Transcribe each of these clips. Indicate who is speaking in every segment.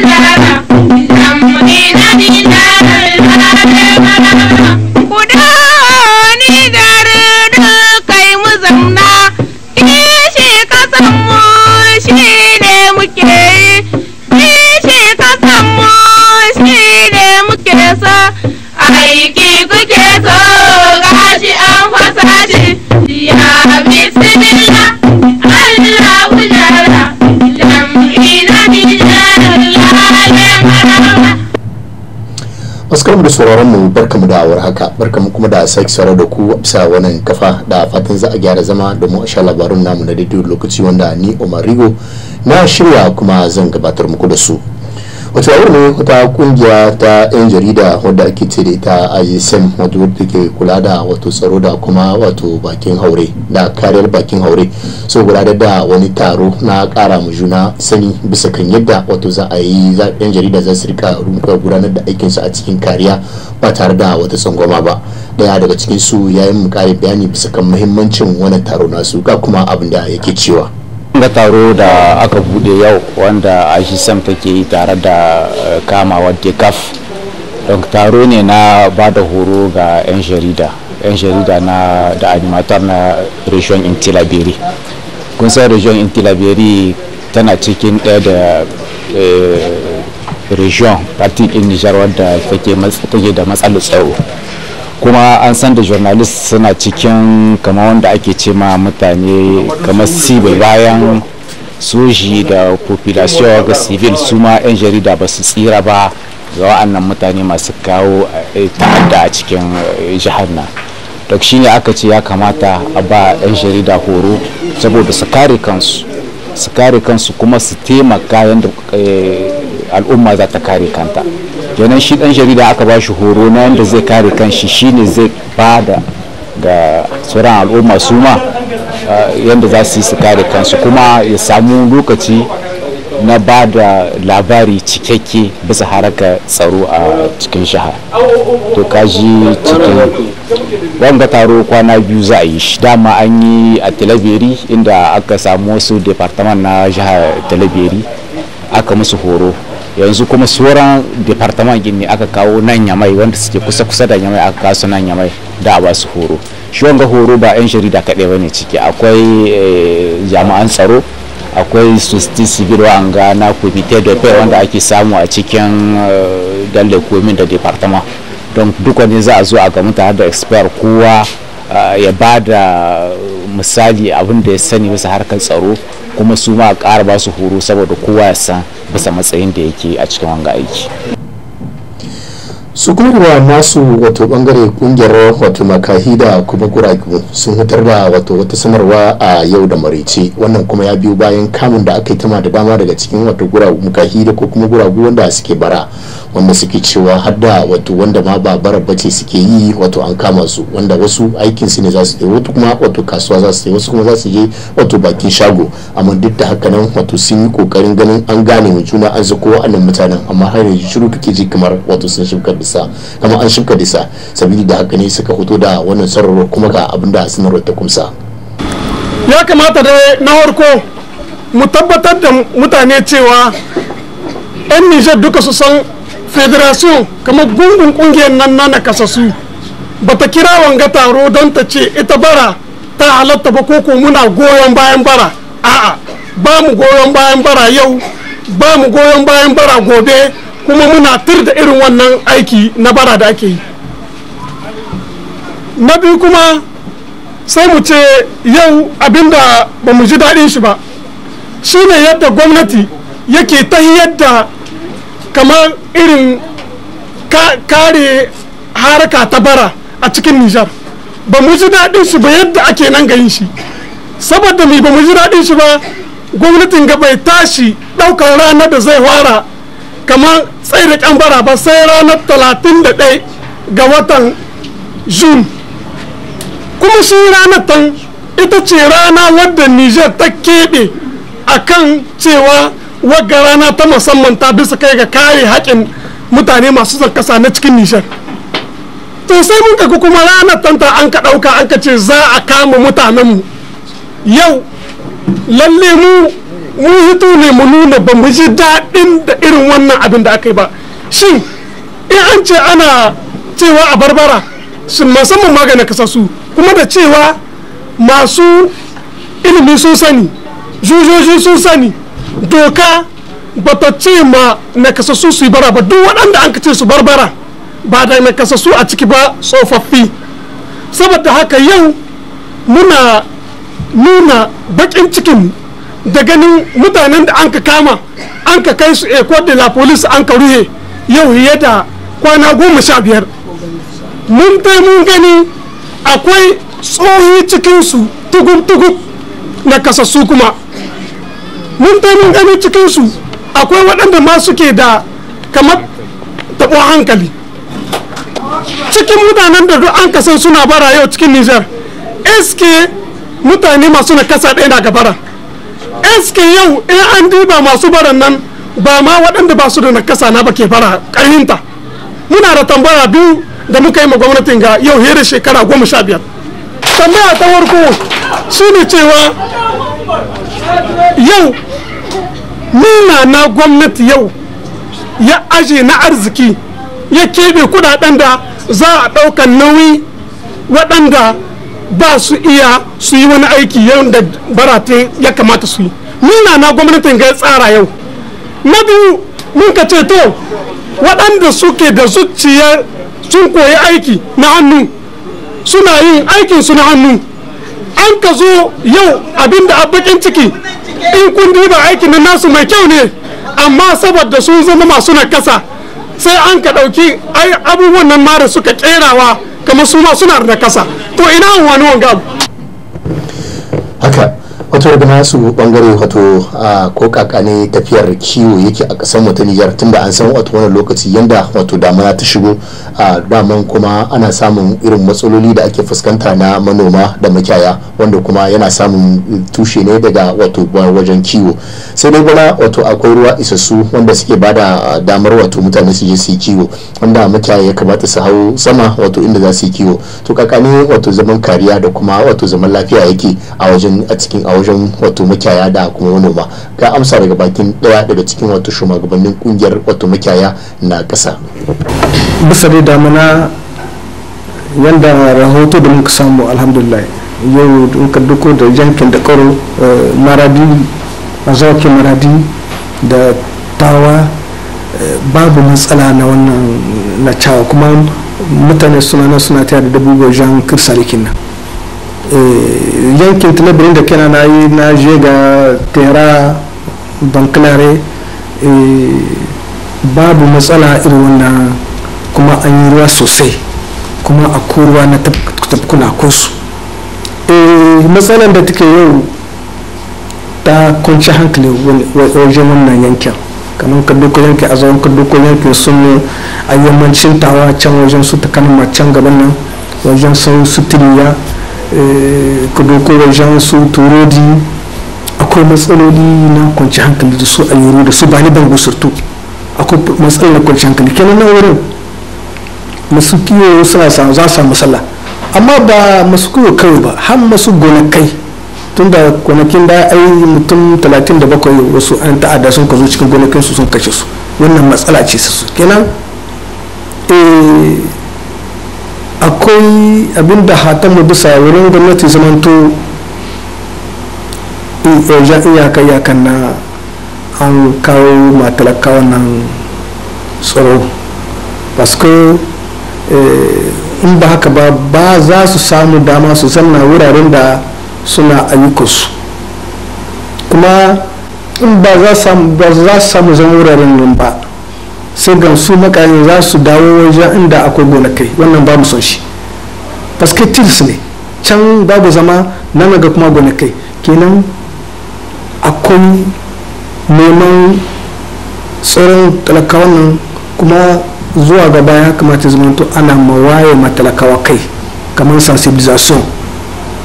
Speaker 1: Hola.
Speaker 2: da sauraron mu barka mu da awar haka barka mu kuma da sake saurare da ku bisa wannan kafa da fatan za a gyara zama da mu sha labarun namu na daidai lokaci wanda ni Omar Rigo na shirya kuma zan gabatar muku da su wata a ne wata kungiya ta yan jarida wadda ake ce da ita ism wato wadda ke kula da wato tsaro da kuma wato bakin haure da kariyar bakin haure so gudanar da wani taro na kara mu juna sani bisa kan yadda wato za a yi yan jarida za su rika rumfa gudanar da aikinsu a cikin kariya ba tare da wata tsangwama ba daya daga cikin su yayin mu kare bayani bisa kan muhimmancin wannan taro na su ga kuma abin da yake cewa
Speaker 3: ga taro da aka bude yau wanda sam take yi tare da eh, kamawar kaf don taro ne na ba da horo ga 'yan jarida 'yan jarida na da animatar na region intilaberi kun san region intilaberi tana cikin ɗaya da eh, region party in nijar wadda take da matsalar tsawo. kuma an san da journalist suna cikin kama wanda ake ce ma mutane kamar civil bayan soji da population ga civil su ma 'yan jarida ba su tsira ba ga wa'annan mutane masu kawo eh, ta'adda a cikin eh, jihar nan da shi ne aka ce ya kamata a ba 'yan jarida horo saboda su kare kansu su kare kansu kuma su taimaka yadda eh, al'umma za ta kare kanta kenan shi dan jarida aka ba shi horo na yadda zai kare kanshi shine zai ba da ga sauran al'umma su ma yadda za su yi su kare kansu kuma ya samu lokaci na ba da labari cikakke bisa haraka tsaro a cikin shaha to kaji cikin wanga taro kwana biyu za a yi shi dama an yi a talabiri inda aka samu wasu departaman na jihar talabiri aka musu horo yanzu kuma tsoron departament gini aka kawo nan yamai wanda suke kusa kusa da yamai aka kawo su nan yamai da ba su horo shi wanga horo ba yan shari'a kaɗai ne ciki akwai eh, jami'an tsaro akwai susti civil wanga na comité de paix wanda ake samu a cikin eh, dalle komin da departament don duk wani za a zo a ga tare da expert kowa eh, ya ba da misali abin da ya sani bisa harkar tsaro kuma su ma a ƙara ba su horo saboda kowa ya san bisa matsayin da yake a cikin wanga aiki su wa nasu wato bangare kungiyar wato makahi da kuma guragu sun
Speaker 2: hutar da wato wata sanarwa a yau da marice wannan kuma ya biyo bayan kamun da aka yi tama da dama daga cikin wato guragu makahi da ko kuma guragu wanda suke bara wanda suke cewa har da wato wanda ma ba bara bace suke yi wato an kama su wanda wasu aikin su ne za su wato kuma wato kasuwa za su wasu kuma za su je wato bakin shago amma duk da haka nan wato sun yi kokarin ganin an gane juna an zuko wa'annan mutanen amma har yanzu shiru kake ji kamar wato sun shimkar bisa kamar an shifka disa sabili da haka ne suka fito da wannan sanarwar kuma ga abin da sanarwar ta kumsa
Speaker 4: ya kamata da na farko mu tabbatar da mutane cewa 'yan nijar duka su san federation kamar gungun kungiyar nan na kasasu ba ta kira wanga taro don ta ce ita bara ta halatta ba ko ko muna goyon bayan bara a'a ba mu goyon bayan bara yau ba mu goyon bayan bara gobe kuma muna tur da irin wannan aiki na bara da ake yi na biyu kuma sai mu ce yau abinda ba mu ji daɗin shi ba shine yadda gwamnati yake ta yadda kamar irin kare haraka ta bara a cikin nijar ba mu ji daɗin shi ba yadda ake nan gayin shi saboda mai ba mu ji daɗin shi ba gwamnatin ga bai tashi ɗaukar rana da zai wara kamar tsaye da kyan ba sai ranar talatin da 31 ga watan june kuma shi ranar tan ita ce rana wadda niger ta keɓe a kan cewa wagga rana ta musamman ta bisa kai ga kare haƙin mutane masu zarkasa na cikin niger to sai mun kaga kuma ranar tanta an ka ɗauka an ka ce za a kama mutanenmu yau lalle mu mun hito ne mu nuna ba mu ji daɗin da irin wannan abin da aka yi ba shin in an ce ana cewa a barbara su musamman maganin kasasu kuma da cewa masu ilimi sun sani jujoji sun sani doka ba ta ce ma kasa su yi bara ba duk waɗanda an ce su barbara ba da nakasassu a ciki ba tsofaffi saboda haka yau muna nuna baƙin cikin da ganin mutanen da an ka kama an ka kai su eko de la police an ka ruhe yau fiye da kwana goma sha biyar mun kai mun gani akwai tsohi cikinsu tugub-tugub na kasassu kuma mun kai mun gani cikinsu akwai waɗanda ma suke da kamar taɓo hankali cikin mutanen da duk an kasan suna bara yau cikin nijar eske mutane masu na kasa ɗaya na gabara bara eske yau in an diba masu baran nan ba ma waɗanda ba su da nakasa na ba ke fara ƙarhinta muna da tambaya biyu da muka yi ma gwamnatin ga yau hera shekara goma sha biyar tambaya ta farko su ne cewa yau nuna na gwamnati yau ya aje na arziki ya keɓe kuɗaɗen da za a ɗaukan nauyi waɗanda ba su iya su yi wani aiki yau da barate ya kamata su yi nuna na gwamnatin ga tsara yau na biyu mun ka ce to waɗanda suke da zuciya sun koyi aiki na hannu suna yin aikin su na hannu an ka zo yau abinda a bakin ciki in kun ba aikin na nasu mai kyau ne amma saboda sun zama masu na kasa sai an ka ɗauki abubuwan nan mara suka kerawa kamar su ma suna da kasa to ina wani wanga
Speaker 2: haka wato daga nasu bangare wato ko kakane tafiyar kiwo yake a kasar mu ta Nijar tunda an san wato wannan lokaci yanda wato damana ta shigo a daman kuma ana samun irin matsaloli da ake fuskanta na manoma da makiyaya wanda kuma yana samun tushe ne daga wato wajen kiwo sai dai bana wato akwai ruwa isassu wanda suke bada damar wato mutane su je su kiwo wanda makiyaya ya kamata su hau sama wato inda za su yi kiwo to kakane wato zaman kariya da kuma wato zaman lafiya yake a wajen a cikin a wajen wato makiyaya da kuma manoma ga amsa daga bakin daya daga cikin wato shugabannin kungiyar wato makiyaya na kasa
Speaker 5: bisa da damana yadda rahoto da muka samu alhamdulillah yau in ka da jami'in da karo eh, maradi a maradi da tawa eh, babu matsala na wannan na cawa kuma mutane suna suna tare da dabbobi jan kirsalikin nan yankin eh, tilibirin da kira na yi na je ga tera bankinare eh, babu matsala irin wannan kuma an yi ruwa sosai kuma a ruwa na tafkuna kunsu eh, matsalar da take yau ta kunci hankali wajen wannan yankin kamar kaddoko yankin a zaun kaddoko yankin sun ne a yammacin tawa can wajen su ta kanin can gaban nan wajen sau sutiriya Eh, ka doko wajen su turodi akwai matsaloli na kwanci hankali da su yi da su bani bango surtu akwai matsalar kwanci hankali kenan na wurin masu kiwo suna samu za su samu sallah amma ba masu kiwo kai ba har masu gonakai tun da gonakin da ai mutum 37 wasu an ta'adda sun kazo cikin gonakin su sun kashe su wannan matsala ce su kenan eh akwai abin abinda hatanmu bisa wurin gwamnati zamanto iyaka iyakan na an kawo matalakawa nan tsaro paske eh, in ba haka ba ba za su samu dama su zanna wuraren da suna ayyukansu kuma in ba za su samu zan wuraren nan ba sai ga su makarin za su dawo wajen inda akwai gonakai wannan ba mu son shi paske tirs ne can babu zama nan ga kuma gonakai kenan akwai neman tsoron talakawa nan kuma zuwa gaba ya kamata zamanto ana mawaye ma talakawa kai kamar sensibilisation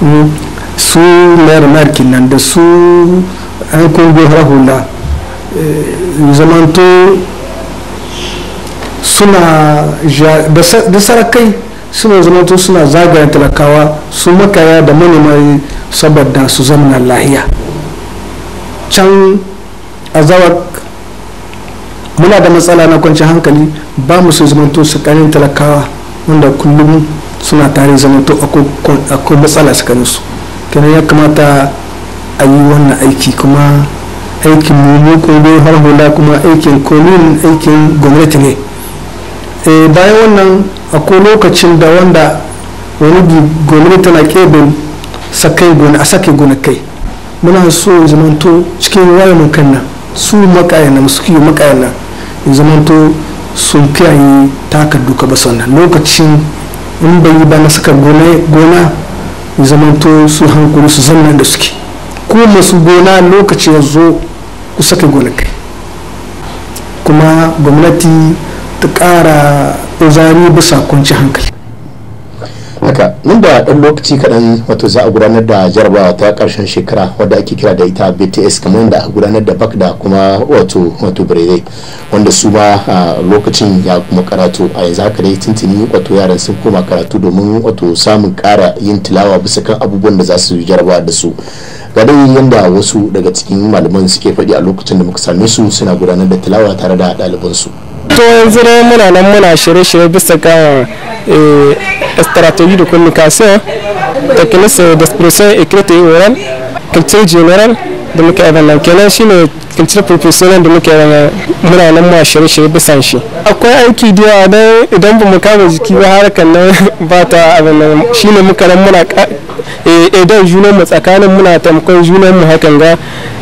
Speaker 5: hmm. su mayar marki nan da su an kungiyar hula eh, zamanto suna da sarakai suna zamanto suna zagaya talakawa su makaya da manoma saboda su zamanar lahiya can a zawak muna da matsala na kwanci hankali ba mu su zamanto su karin talakawa wanda kullum suna tare zamanto akwai matsala su su kenan ya kamata a yi wannan aiki kuma aikin mu ko har hula kuma aikin komin aikin gwamnati ne Eh, bayan wannan akwai lokacin da wanda wani gwamnati tana kebin sakai gona a sake gonakai muna so zamanto cikin wayan kan nan su makayan suke makayan nan zamanto sun fiyaye takar duka ba sannan lokacin in bai yi ba na saka gona zamanto su hankali su zanna da suke ko masu gona lokaci ya zo ku gona gonakai kuma gwamnati ta ƙara kuzari bisa kunci hankali
Speaker 2: haka nan da ɗan lokaci kaɗan wato za a gudanar da jarabawa ta ƙarshen shekara wadda ake kira da ita bts kamar yadda a gudanar da bak da kuma wato wato birezai wanda su ma a lokacin ya kuma karatu a yanzu haka dai tuntuni wato yaran sun koma karatu domin wato samun ƙara yin tilawa bisa kan abubuwan da za su jarabawa da su ga dai yadda wasu daga cikin malaman suke faɗi a lokacin da muka same su suna gudanar da tilawa tare da ɗalibansu.
Speaker 1: to yanzu dai muna nan muna shirye-shirye bisa ga eh, stratégie de communication technique d'expression écrite et orale culture générale da muke nan kenan shine culture professional da muke nan muna nan ma shirye-shirye bisa shi akwai aiki da yawa dai idan ba mu kama jiki ba harkar nan ba ta abin nan shine muka nan muna eh, idan junan mu tsakanin muna tamkon junan mu hakan ga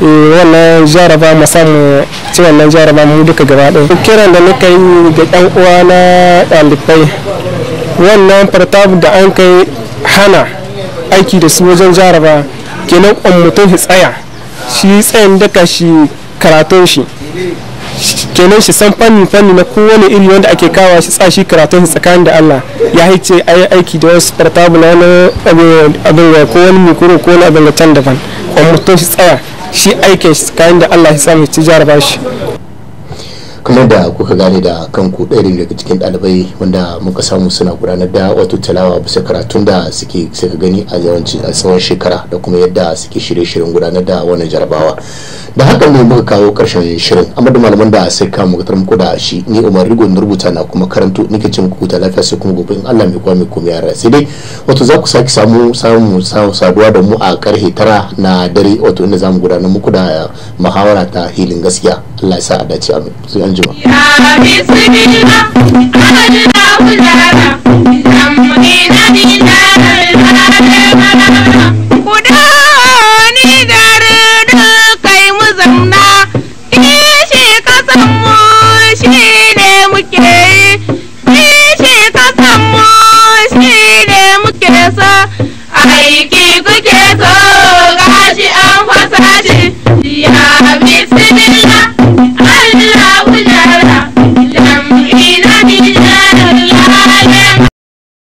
Speaker 1: Eh, wannan jaraba mu samu ci wannan jaraba mu duka gaba ɗaya kiran da muka yi ga ɗan uwa na ɗalibai wannan fartabu da an kai hana aiki da su wajen jaraba kenan kwan mutum shi tsaya shi tsayin daka shi karatun shi kenan shi san fanni fanni na kowane iri wanda ake kawo shi tsa shi karatun shi tsakanin da Allah ya haice ayi aiki da wasu fartabu na wani abin ko wani mikro ko wani abin da can daban kwan mutum shi tsaya shi aikin kayan da Allah ya samu ci jaraba
Speaker 2: shi kamar da kuka gane da kanku ɗaya daga cikin ɗalibai wanda muka samu suna gudanar da wato talawa bisa karatun da suke suka gani a yawanci a tsawon shekara da kuma yadda suke shirye-shiryen gudanar da wannan jarabawa da haka ne muka kawo karshen shirin amma da malaman da sai kamu muku da shi ni umar rigo na rubuta na kuma karanto nake ce muku ta lafiya sai kuma gobe in allah mai ko mai yara sai dai wato za ku sake samu samu saduwa da mu a karhe tara na dare wato inda za mu gudanar muku da muhawara ta hilin gaskiya Allah ya sa a dace amin sai an
Speaker 1: jima da